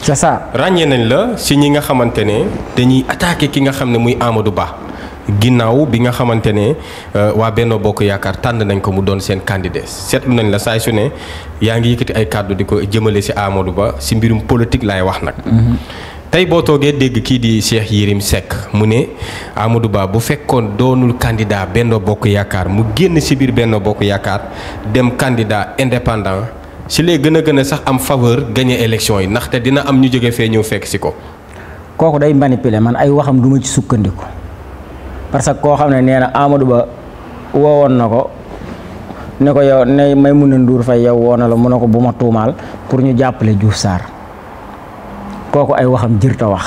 c'est ça ràññee nañ la si ñi nga xamante ne dañuy attaqué ki nga xam ne muy Amadou Ba ginnaaw bi nga xamante ne euh, waa Benno Bokk Yaakaar tànn nañ ko mu doon seen candidat seetlu nañ la saay su ne yaa ngi yëkkati ay kàddu di ko jëmale si Amadou Ba si mbirum politique laay wax nag. Mm-hmm. tey boo toogee dégg kii di Cheikh Yérim Seck mu ne Amadou bu fekkoon doonul candidat Benno Bokk Yaakaar mu génn ci biir Benno Bokk Yaakaar dem candidat indépendant si lay gën a gën a sax am faveur gagné élection yi ndaxte dina am ñu jóge fee ñëw fekk ci ko. kooku day manipuler man ay waxam duma ci sukkandiku parce que koo xam ne nee na Amadou Ba woowoon na ko. ne ko yow ne Maimouna Ndour Faye yow woona la mu ne ko bu ma tuumaal pour ñu jàppale juuf Sarr kooku ay waxam jër ta wax.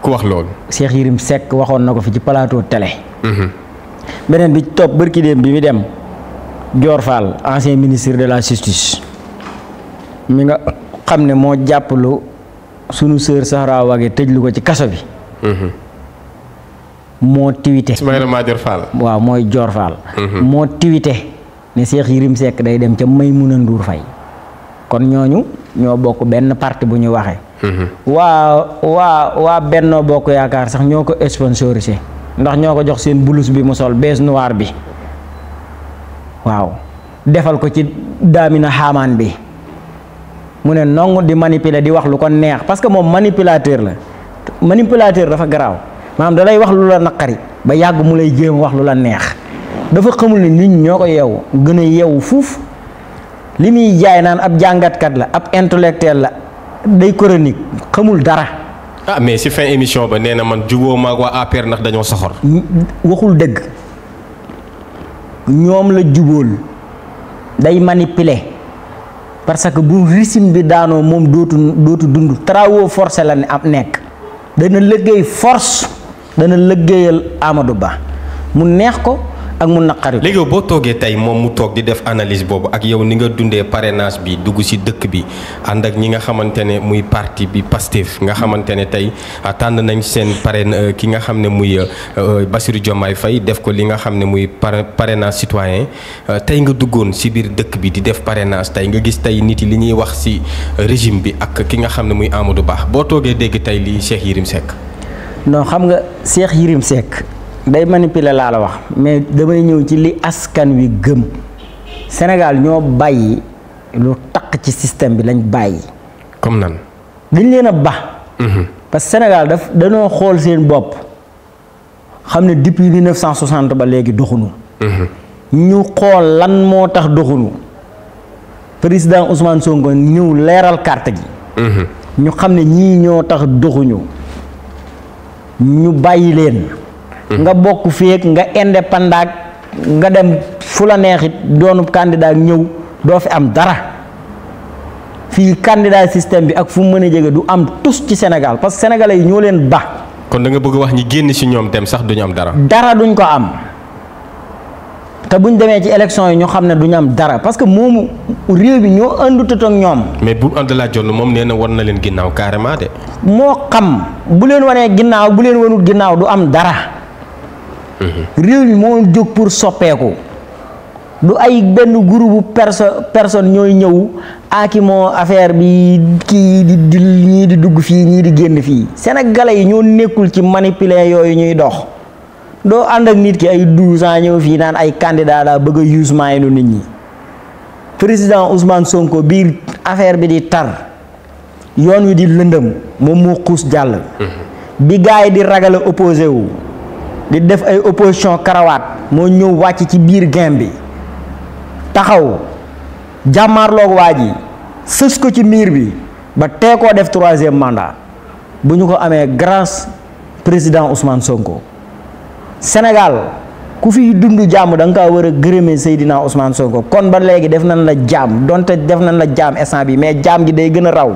ku wax loolu. Cheikh Yérim Seck waxoon na ko fi ci plateau tele mm-hmm. beneen bi topp bërki dem bi muy dem Dior Fall ancien ministre de la justice mi nga xam ne moo jàppalu sunu sœur Sahra Wagué tëj ko ci kaso bi. Mm-hmm. moo tiwite. Ismaïla Madior Fall. waaw mooy Dior Fall. Mm-hmm. moo tiwite ne Cheikh Yérim Seck day dem ca Maymouna Ndour Faye kon ñooñu ñoo bokk benn parti bu ñu waxe waa waa waa Benno Bokk Yaakaar sax ñoo ko sponsorisé ndax ñoo ko jox seen blouse bi mu sol bees noir bi waaw defal ko ci daamina xaamaan bi mu ne nongu di manipuler di wax lu ko neex parce que moom manipulateur la manipulateur dafa garaaw maanaam dalay wax lu la naqari ba yàgg mu lay jéem wax lu la neex dafa xamul ni nit ñoo ko yeewu gën a yeewu fuuf li muy jaay naan ab jàngatkat la ab intellectuel la. day chronique xamul dara. ah mais si fin émission ba nee na man juboo maag waa APR ndax dañoo soxor. waxul dëgg ñoom la jubool day manipuler parce que bu risim bi daanoo moom dootu dootu dund travaux forcés la ne am nekk dana liggéey force dana liggéeyal Amadou Ba mu neex ko. ak mu naqari. léegi boo toogee tey moom mu toog di def analyse boobu ak yow ni nga dundee parrainage bi dugg si dëkk bi ànd ak ñi nga xamante ne muy parti bi Pastef nga xamante ne tey ah, tànn nañ seen parrain euh, ki nga xam ne muy euh, euh, Bassirou Diomaye Faye def ko li nga xam ne muy parrainage citoyen tey nga duggoon si biir dëkk bi di def parrainage tey nga gis tey nit yi li ñuy wax si régime bi ak ki nga xam ne muy Amadou baax boo toogee dégg tey li Cheikh Yérim Seck. non xam nga day manipuler laa la wax mais damay ñëw ci li askan wi gëm Sénégal ñoo bàyyi lu taq ci système bi lañ bàyyi. comme nan. dañ leen a ba. Mhm. parce que Sénégal daf dañoo xool seen bopp xam ne depuis 1960 ba léegi doxunu mhm. ñu xool lan moo tax doxunu président Ousmane Sonko ñëw leeral carte gi. Mhm. ñu xam ne ñii ñoo tax doxuñu ñu bàyyi leen. nga bokk feek nga indépendant nga dem fu la neexit doonu candidat ñëw doo fi am dara fii candidat système bi ak fu mu mën a jege du am tus ci Sénégal parce que sénégalais yi ñoo leen ba. kon da nga bëgg wax ñi génn ci ñoom dem sax duñu am dara. dara duñ ko am te buñ demee ci élection yi ñu xam ne duñu am dara parce que moomu réew bi ñoo àndutut ak ñoom. mais bu Abdoulaye Dione moom nee na war na leen ginnaaw carrément de. moo xam bu leen wanee ginnaaw bu leen ginnaaw du am dara. réew mi moo jóg pour soppeeku du ay benn groupe perso personne ñooy ñëw aakimoo affaire bi kii di di ñii di dugg fii ñii di génn fii sénégalais yi ñoo nekkul ci manipuler yooyu ñuy dox doo ànd ak nit ki ay douze ans ñëw fii naan ay candidat la bëgg a yi maayanu nit ñi président Ousmane Sonko biir affaire bi di tar yoon wi di lëndëm moom moo xuus jàll mm-hmm. bi gaay di ragale opposé wu di def ay opposition karawaat moo ñëw wàcc ci biir gain bi taxaw jàmmaarloog waa ji sës ko ci miir bi ba tee koo def troisième mandat bu ñu ko amee grâce président Ousmane Sonko Sénégal ku fi dund jàmm danga nga war a gërëmee Seydina Ousmane Sonko kon ba léegi def nañ la jaam donte def nañ la jaam instant bi mais jaam gi day gën a raw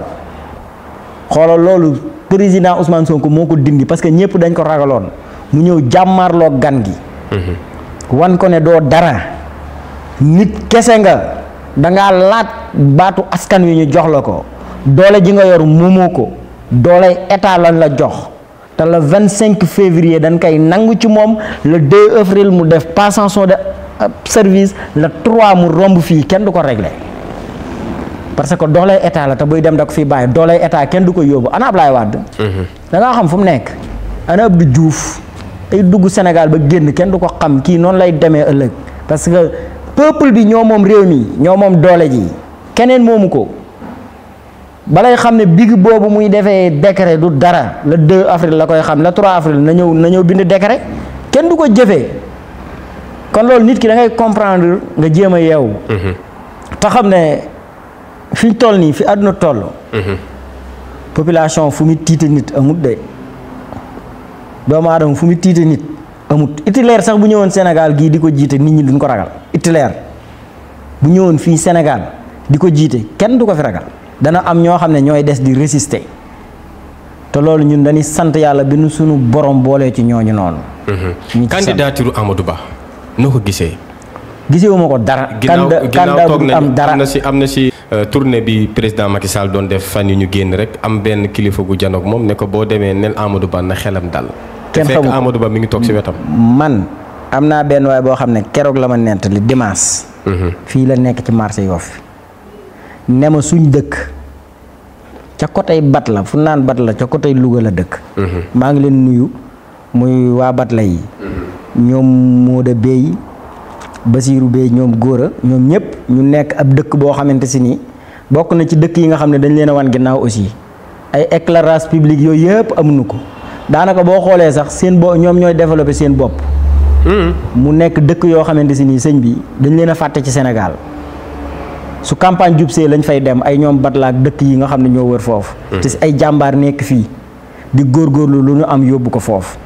xoolal loolu président Ousmane Sonko moo ko dindi parce que ñëpp dañ ko ragaloon. mu ñëw jàmmarloo gan gi mhm. wan ko ne doo dara nit kese nga dangaa laat baatu askan wi ñu jox la ko doole ji nga yor moomoo ko doole état lañ la jox te la vingt cinq février dañ koy nangu ci moom le deux avril mu def passation de euh, service le trois mu romb fii kenn du ko réglé parce que dooley état la te buy dem da ko fi bàyyi dooley état kenn du ko yóbbu ana Ablaye Wade mhm. da ngaa xam fu mu nekk ana Abdou Diouf tey dugg Sénégal ba génn kenn du ko xam kii noonu lay demee ëllëg parce que peuple bi ñoo moom réew mi ñoo moom doole ji keneen moomu ko balay xam ne big boobu muy defee décret du dara la 2 avril la koy xam le trois avril na ñëw na ñëw bind décret kenn du ko jëfe kon loolu nit ki dangay comprendre nga jéem a yeewu. Mm-hmm. te xam ne fi ñu toll nii fi àdduna toll. Mm-hmm. population fu muy tiite nit amut de. doomu aadama fu mu tiite nit amut Hitler sax bu ñëwoon Sénégal gii di ko jiite nit ñi duñ ko ragal Hitler bu ñëwoon fii Sénégal di ko jiite kenn du ko fi ragal dana am ñoo xam ne ñooy des di résister te loolu ñun dañuy sant yàlla bi nu suñu borom boolee ci ñooñu noonu. Mhm. ñu candidature Amadou Ba noo ko gisee. gisewuma ko dara. ginnaaw ginnaaw toog nañu am dara Euh, tournée bi président Macky Sall doon def fan yi ñu génn rek am benn kilifa gu janoog moom ne ko boo demee nel Amadou Ba na xelam dal. te fekk Amadou Ba mi ngi toog ci wetam. man am naa benn waay boo xam ne keroog la ma nent li mhm. fii la nekk ci marché Yoff ne ma suñ dëkk ca côté bat la fu naan bat la ca côté Louga la dëkk. Mhm. maa ngi leen nuyu muy waa bat la yi. Mhm. ñoom moo da béy Basiiru Bey ñoom góora ñoom ñëpp ñu nekk ab dëkk boo xamante si nii bokk na ci dëkk yi nga xam ne dañ leen a wan ginnaaw aussi ay éclairage public yooyu yëpp amuñu ko daanaka boo xoolee sax seen bo ñoom ñooy développé seen bopp. Hmm. mu nekk dëkk yoo xamante si nii sëñ bi dañ leen a fàtte ci senegal su campagne jubsee lañ fay dem ay ñoom batlaak dëkk yi nga xam ne ñoo wër foofu. Hmm. te ay jàmbaar nekk fii di góor góorlu lu ñu am yóbbu ko foofu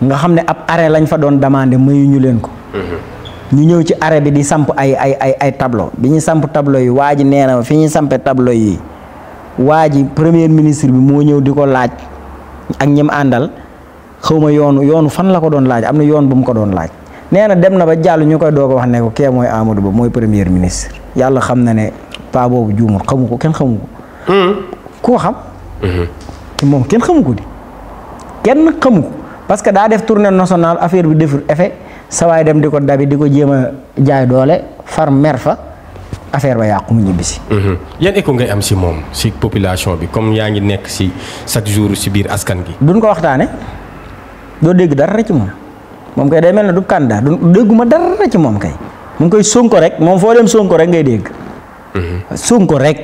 nga xam ne ab arrêt lañ fa doon demandé mayuñu leen ko. Hmm. ñu ñëw ci arrêt di samp ay ay ay ay tableau bi ñu samp tableau yi waa ji nee fi ñu sampe tableau yi waa ji premier ministre bi moo ñëw di ko laaj ak ñim àndal xawma yoonu yoonu fan la ko doon laaj am na yoon bu mu ko doon laaj nee na dem na ba jàll ñu koy doog a wax ne ko kee mooy Amadou Ba mooy premier xam na ne paa boobu juumul xamu ko hmm. ko xam hmm. moom kenn xamu ko di kenn xamu ko parce que daa def tournée nationale affaire bi deful effet sa dem di ko dabi di ko jéem jaay doole far mer fa affaire ba yàqu mu ñibbisi. Mhm. yan écho ngay am si moom si population bi comme yaa ngi nekk si chaque jour si biir askan gi. duñ ko waxtaane doo dégg dara ci moom moom kay day mel ne du candidat du dégguma dara ci moom kay mu ngi koy Sonko rek moom foo dem Sonko rek ngay dégg. Mhm. Sonko rek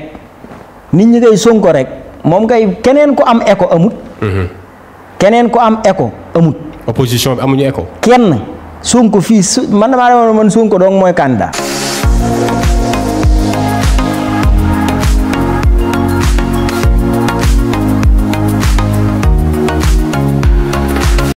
nit ñi ngay Sonko rek moom kay keneen ko am écho amut. Mhm. keneen ku am écho amut. opposition bi amuñu écho. kenn. Sonko fii su man damaa demoon man Sonko dong mooy kanda